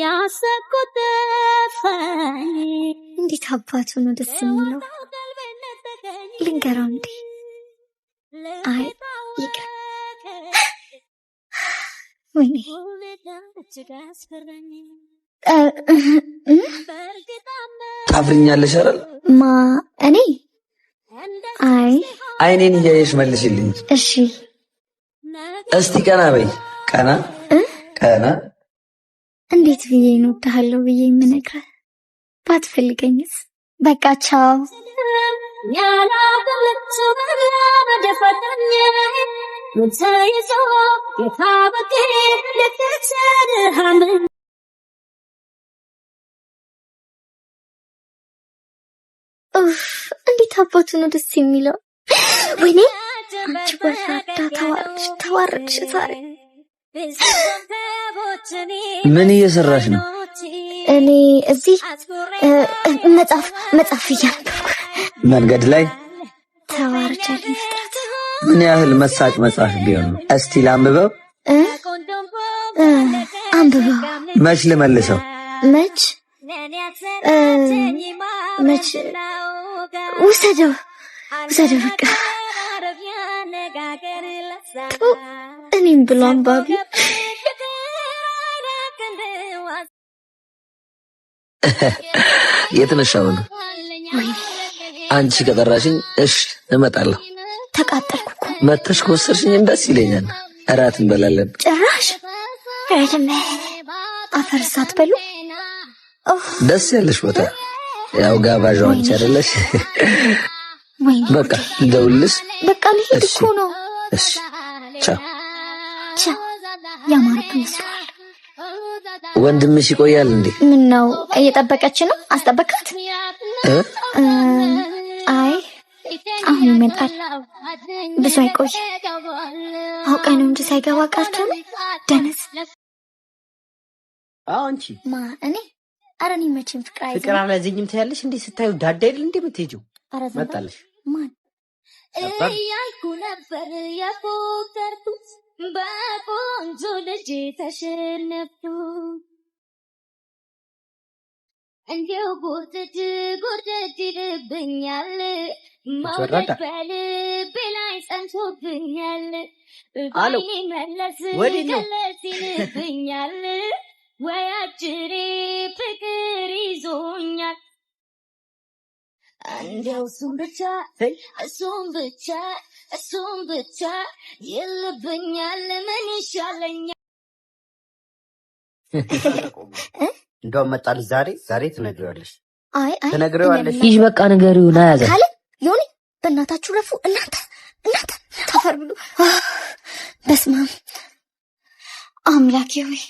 ያሰብኩት ጠፋኝ። እንዴት አባቱ ነው ደስ የሚለው ልንገራው እንዴ? አይ ይቅር። ወይኔ ታፍርኛለሽ አይደል? ማ እኔ አይ አይኔን እያየሽ መልሽልኝ። እሺ፣ እስቲ ቀና በይ። ቀና ቀና እንዴት ብዬ ነው እወድሃለሁ ብዬ የምነግርህ? ባትፈልገኝስ? በቃ ቻው። እንዴት አባቱ ነው ደስ የሚለው። ወይኔ አንቺ ወራዳ ተዋረድሽ፣ ተዋረድሽ ዛሬ ምን እየሰራሽ ነው? እኔ እዚህ መጽሐፍ መጽሐፍ እያነበብኩ መንገድ ላይ ተዋርጃለሁ። ምን ያህል መሳጭ መጽሐፍ ቢሆን ነው? እስቲ ላንብበው። አንብበው። መች ልመልሰው? መች መች ውሰደው፣ ውሰደው በቃ እኔም ብሎ አንባቢ የተነሻው ነው። አንቺ ከጠራሽኝ እሽ እመጣለሁ። ተቃጠልኩ እኮ መተሽ ከወሰድሽኝም ደስ ይለኛል። እራት እንበላለን። ጭራሽ ረድሜ አፈር በሉ። ደስ ያለሽ ቦታ ያው ጋባዥ አንቺ አይደለሽ? በቃ ደውልስ። በቃ ልሂድ እኮ ነው። እሺ ቻው ብቻ ያማረብ ይመስለዋል። ወንድምሽ ይቆያል እንዴ? ምን ነው እየጠበቀች ነው? አስጠበቃት? አይ አሁን ይመጣል፣ ብዙ አይቆይ። አውቃ ነው እንጂ ሳይገባ ቀርቶ ደነስ። አንቺ ማ እኔ ኧረ እኔ መቼም ፍቅር አይ ፍቅር አላዘኝም ትያለሽ እንዴ? ስታዩ ዳዳ አይደል እንዴ የምትሄጂው? መጣለሽ ማን እያልኩ ነበር የፎከርኩት በቆንጆ ልጅ ተሸነፍቶ እንዲው ጎትድ ጎትድ ይልብኛል ማውረድ በልቤ ላይ ጸንቶብኛል ባይኔ መለስ መለስ ይልብኛል ወይ አጭሬ ፍቅር ይዞኛል እንዲያው እሱም ብቻ እሱም ብቻ እሱም ብቻ የለብኛል። ምን ይሻለኛል? እንደውም መጣልሽ። ዛሬ ዛሬ ትነግሪዋለሽ። አይ አይ ትነግሪዋለሽ። ይሽ በቃ ንገሪው። ና ያዘ ካለ ዮኒ፣ በእናታችሁ ረፉ። እናንተ እናንተ ተፈር ብሎ በስመ አብ አምላኬ ሆይ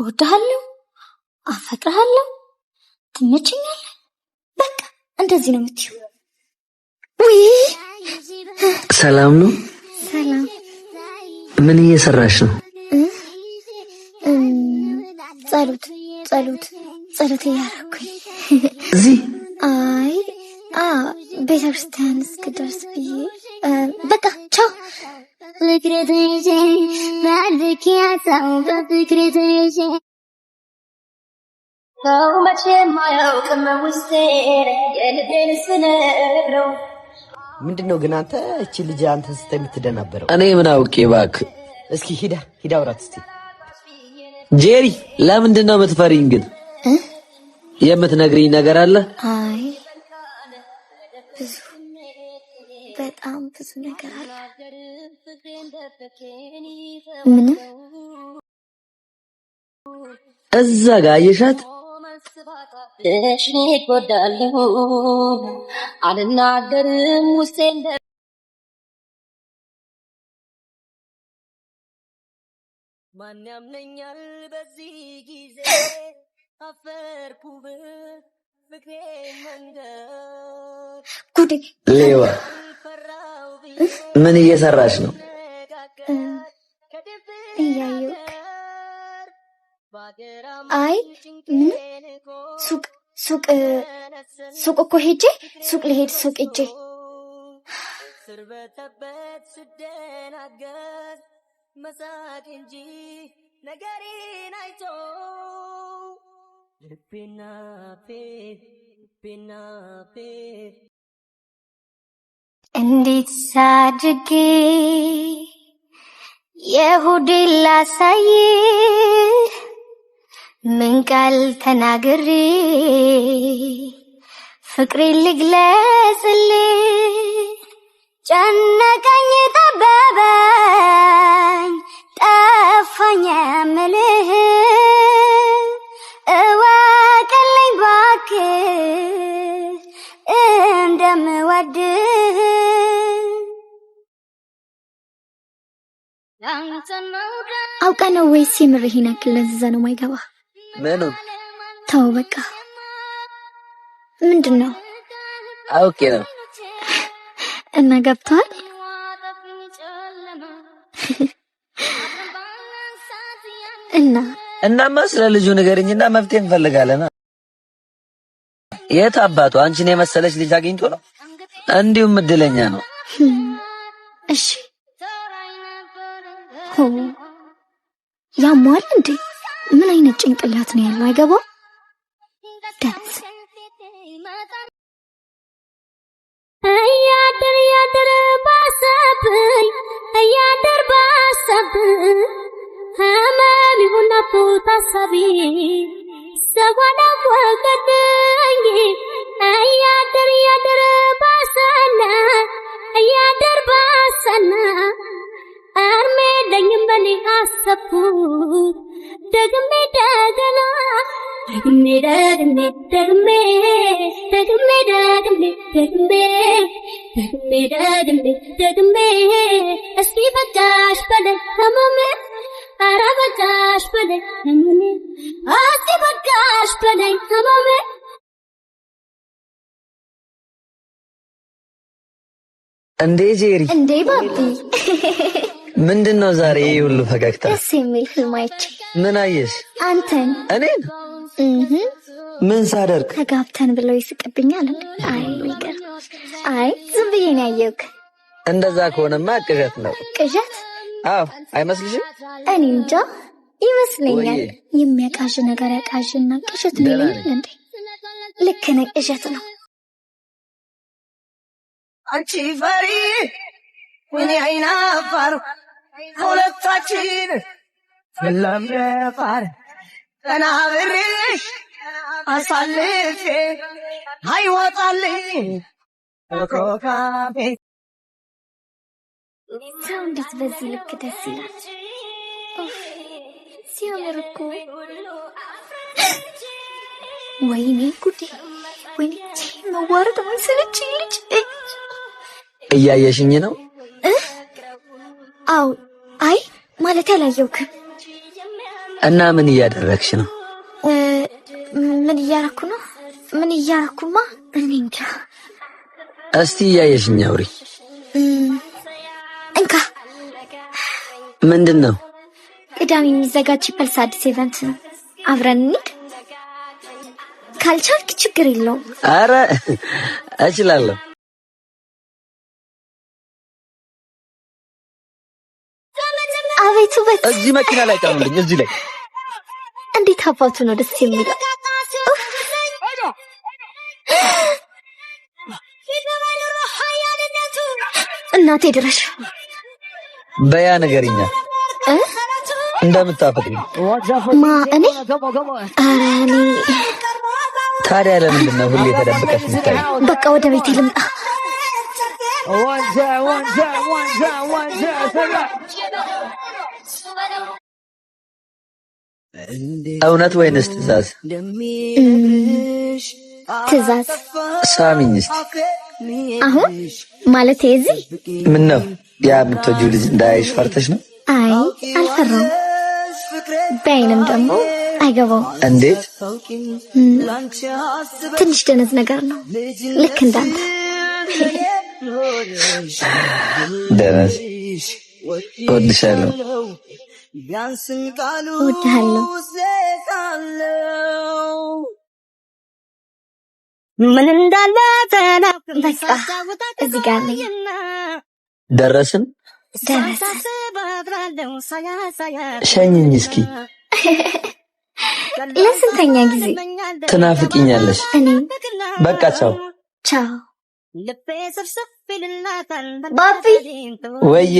እወድሃለሁ፣ አፈቅርሃለሁ፣ ትመችኛለህ። በቃ እንደዚህ ነው የምትይው ውይ ሰላም ነው። ሰላም። ምን እየሰራሽ ነው? ጸሎት ጸሎት ጸሎት እያደረኩኝ እዚህ። አይ ቤተ ክርስቲያን እስክደርስ ብዬ በቃ ቻው። ሰው መቼም አያውቅም ውስጤን የልቤን ስነግረው ምንድን ነው ግን አንተ እቺ ልጅ አንተ ስተ የምትደናበረው? እኔ ምን አውቄ እባክህ። እስኪ ሂዳ ሂዳ አውራት እስቲ። ጄሪ ለምንድን ነው የምትፈሪኝ ግን? የምትነግሪኝ ነገር አለ? አይ ብዙ በጣም ብዙ ነገር አለ። ምንም እዛ ጋር አየሻት ልሽኔ ጎዳለሁ አልናገርም እንደ ማን ያምነኛል በዚህ ጊዜ አፈርኩ መንገድ ጉዴ ሌባ ምን እየሰራች ነው? ሱቅ ሱቅ እኮ ሄጄ ሱቅ ልሄድ ሱቅ ሄጄ ስርበተበት ስደናገር መሳቅ እንጂ ነገሬን አይቶ ልቤና ልቤና እንዴት ሳድጌ የሁዴ ላሳይ ምን ቃል ተናግሬ ፍቅሬ ልግለጽልህ? ጨነቀኝ፣ ጠበበኝ፣ ጠፋኝ የምልህ እወቅልኝ እባክህ እንደምወድህ አውቀ ነው ወይስ የምርህ ይነክል ለዛ ነው ማይገባ ምኑን? ተው በቃ። ምንድን ነው? አውቄ ነው። እና ገብቷል። እና እናማ ስለ ልጁ ንገሪኝና መፍትሄ እንፈልጋለን። የት አባቱ አንቺን የመሰለች ልጅ አግኝቶ ነው። እንዲሁም እድለኛ ነው። እሺ ሆ ያሟል እንዴ? ምን አይነት ጭንቅላት ነው ያለው? አይገባም። ደንስ እያደር እያደር ባሰብኝ እያደር ባሰብኝ ህመም ይሁን ናፍቆት አሳቢ ሰጓዳ ወገድ ደግሜ ደግሜ ደግሜ ደግሜ ደግሜ ደግሜ ደግሜ ደግሜ እስኪ በቃሽ በለኝ ህመሜ ኧረ በቃሽ በለኝ ህመሜ እስኪ በቃሽ በለኝ ህመሜ እንዴ ጄሪ፣ እንዴ ባቢ፣ ምንድን ነው ዛሬ ይህ ሁሉ ፈገግታ? ደስ የሚል ህልም አይቼ። ምን አየሽ? አንተን። እኔን ምን ሳደርግ ተጋብተን ብለው ይስቅብኛል። አይ ይቅር፣ አይ ዝም ብዬ ነው ያየሁት። እንደዛ ከሆነማ ቅዠት ነው። ቅዠት? አዎ አይመስልሽም? እኔ እንጃ ይመስለኛል። የሚያቃዥ ነገር ያቃዥና ቅዠት ነው ይላል እንዴ? ልክ ነህ፣ ቅዠት ነው። አንቺ ፈሪ፣ እኔ አይናፋር፣ ሁለታችን ለምፋር ተናብሬሽ አሳልፌ አይወጣልኝ ኮካቤ ሰው እንዴት በዚህ ልክ ደስ ይላል ሲያምር እኮ ወይኔ ጉዴ ወይኔ መዋረድ መሰለች ልጅ እያየሽኝ ነው አው አይ ማለት ያላየውክም እና ምን እያደረግሽ ነው? ምን እያረኩ ነው? ምን እያረኩማ? እኔ እንጃ። እስቲ እያየሽኝ አውሪ። እንካ። ምንድን ነው? ቅዳሜ የሚዘጋጅ ፐልስ አዲስ ኢቨንት ነው። አብረን እንሂድ። ካልቻልክ ችግር የለውም። አረ እችላለሁ። አቤት ውበት! እዚህ መኪና ላይ ቀኑልኝ። እዚህ ላይ እንዴት አባቱ ነው ደስ የሚለው። እናቴ ድረሽ በያ ነገርኛ እንደምታፈቅሪ ማ እኔ ኧረ እኔ ታዲያ ለምንድን ነው ሁሌ ተደብቀሽ የምታይ? በቃ ወደ ቤት ልምጣ። እውነት ወይንስ ትእዛዝ? ትእዛዝ። ሳሚኝ እስኪ አሁን ማለት እዚህ ምን ነው ያ የምትወጂው ልጅ እንዳያይሽ ፈርተሽ ነው? አይ አልፈራም። በአይንም ደግሞ አይገባውም። እንዴት? ትንሽ ደነዝ ነገር ነው። ልክ እንዳንተ ደነዝ። እወድሻለሁ ቢያንስን ቃሉ ሴካለው ምን እንዳለ ተናፍቅም ጋር ደረስን። ሸኝኝ እስኪ ለስንተኛ ጊዜ ትናፍቅኛለሽ? በቃ ቻው ቻው። ባቢ ወዬ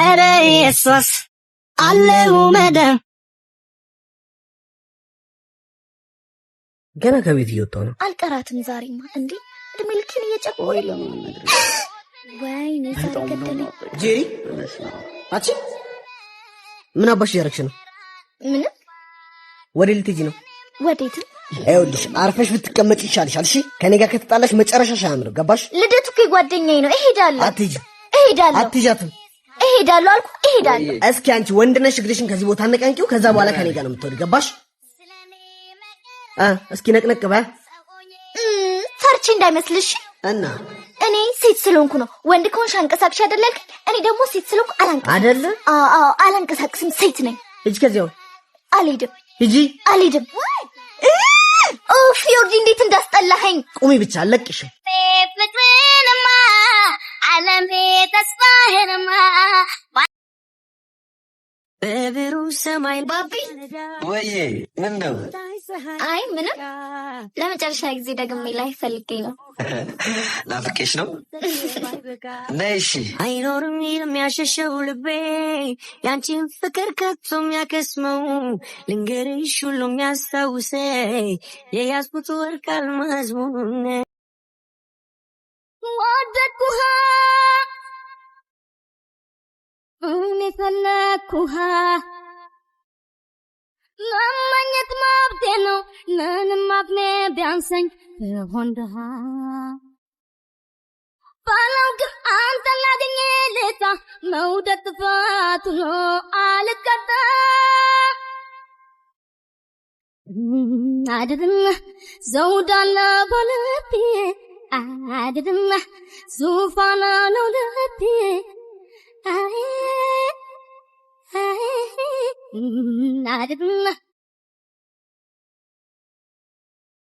ኧረ ኢየሱስ አለው መዳን ገና ከቤት እየወጣሁ ነው። አልቀራትም ዛሬማ። እንዴ እድሜ ልክን እየጨቆ ወይኔ ጄሪ፣ አንቺ ምን አባሽ እያደረግሽ ነው? ምንም። ወዴት ልትሄጂ ነው? ወዴትም። ይኸውልሽ አርፈሽ ብትቀመጭ ይሻልሻል። እሺ፣ ከኔ ጋር ከተጣላሽ መጨረሻሽ አያምርም። ገባሽ? ልደቱ እኮ ጓደኛዬ ነው። እሄዳለሁ። አትሄጂ። እሄዳለሁ። አትሄጃትም እሄዳለሁ አልኩ እሄዳለሁ። እስኪ አንቺ ወንድ ነሽ፣ እግርሽን ከዚህ ቦታ ነቀንቂው። ከዛ በኋላ ከኔ ጋር ነው የምትወድ። ገባሽ? እስኪ ነቅነቅ በይ። ፈርቼ እንዳይመስልሽ እና እኔ ሴት ስለሆንኩ ነው። ወንድ ከሆንሽ አንቀሳቅሽ አይደለልክ። እኔ ደግሞ ሴት ስለሆንኩ አላንቀሳቅስም አይደል? አዎ አላንቀሳቅስም፣ ሴት ነኝ። ሂጂ ከዚያው። አልሄድም። ሂጂ። አልሄድም። ኦፍ ዮርዲ፣ እንዴት እንዳስጠላኸኝ! ቁሚ ብቻ አለቅሽም። ፍቅርንማ አለም ተስፋ ሰማይ ባቢ ወይዬ ምን ነው? አይ ምንም። ለመጨረሻ ጊዜ ደግሜ ላይ ፈልጌ ነው። ናፍቄሽ ነው። ነይ አይኖርም የሚያሸሸው ልቤ ያንቺን ፍቅር ከቶ የሚያከስመው ልንገርሽ ሁሉ የሚያስታውሰ የያዝኩት ወርቅ አልማዝ ሆነ ወደኩሃ እኔ ፈለኩሃ መመኘት መብቴ ነው። ምንም አቅሜ ቢያንሰኝ ብሆን ድሃ ባለው ግን አንተን ላገኘ ልታ መውደድ ጥፋቱ ነው። አልቀጣ አድርም ዘውዳለ በልቤ አድርም ዙፋና ነው ልቤ አይ አይ なるな。